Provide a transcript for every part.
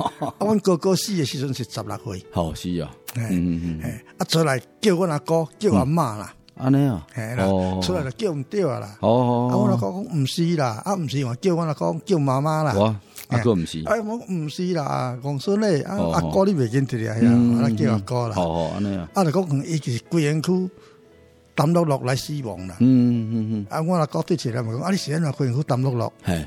啊，阮哥哥死嘅時陣是十六歲，好是啊，哎啊，出來叫阮阿哥，叫我阿媽啦，安尼啊，係啦，出來就叫唔到啦，好好好，阿我阿哥講唔死啦，啊，唔死我叫我阿哥叫媽媽啦，我阿哥唔死，哎我唔死啦，講孫咧，阿阿哥你未見得啊，我咧叫阿哥啦，哦，安尼啊，阿我哥講伊是貴園區，抌落落來死亡啦，嗯嗯嗯，啊，我阿哥對起來，咪講，阿你安怎貴園區抌落落。係。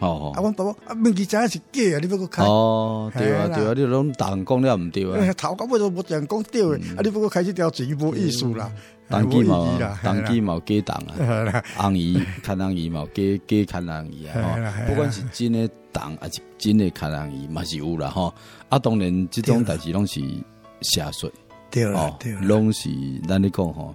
吼吼，阿啊，阿面具仔是假，你欲佫開。哦，對啊對啊，你攏逐項講了毋對啊。頭到尾都無一項講對，啊，你欲佫開始調錢無意思啦。當雞嘛，當雞毛雞蛋啊，紅衣睇紅衣毛雞雞睇紅衣啊。不管是真嘅蛋，還是真嘅睇紅衣，嘛，是有啦。吼。啊，當然，即種代誌攏是下水，哦，攏是咱你講吼。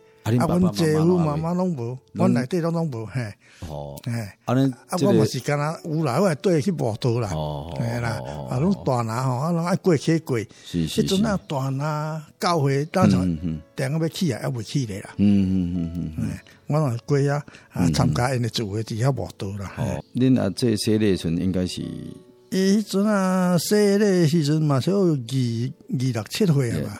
啊，阮姐夫媽媽攏無，阮內底攏攏無嘿。哦，嘿，啊，恁阿我唔是干阿有來，綴伊去慕道啦。哦哦，啦，啊，攏斷啊吼，啊，攏一過去過，迄陣啊斷啊，教會當場定個乜起啊，要唔起來啦？嗯嗯嗯嗯，阮啊，過啊，啊參加因誒聚會佇遐慕道啦。哦，恁阿這咧時陣，應該是伊迄陣啊，歲咧時陣嘛，小二二六七歲啊嘛。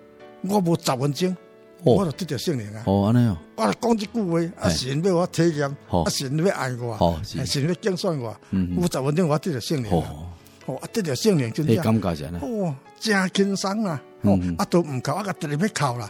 我冇十分鐘，我就得着勝利啊！我講一句話，阿神要我體驗，阿神要愛我，阿神要獎賞我。我十分鐘我得着勝利，得着勝利就正。你感覺點樣啦？真輕鬆啊！阿都唔靠，阿個特別要靠啦。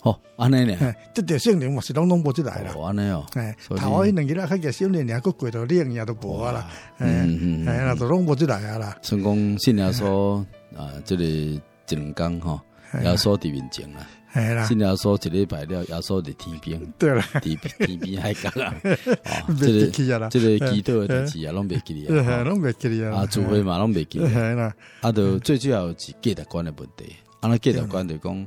吼，安尼咧，即條項鏈嘛是攏攏無即來啦，安尼哦，頭可以拎幾粒，佢嘅項鏈連個櫃度拎嘢都無啊啦，係啦，都攏無即來啊啦。成講新亞鎖啊，即係整工吼，亞鎖啲面前啦，新亞鎖一日擺了，亞鎖啲天邊，對啦，地邊天邊海角啦，即個基嘢啦，即係基督嘅基啊，攏未記嘢，啊，除非嘛攏未記嘢，啊，著最主要是價值觀嘅問題，啊，價值觀著講。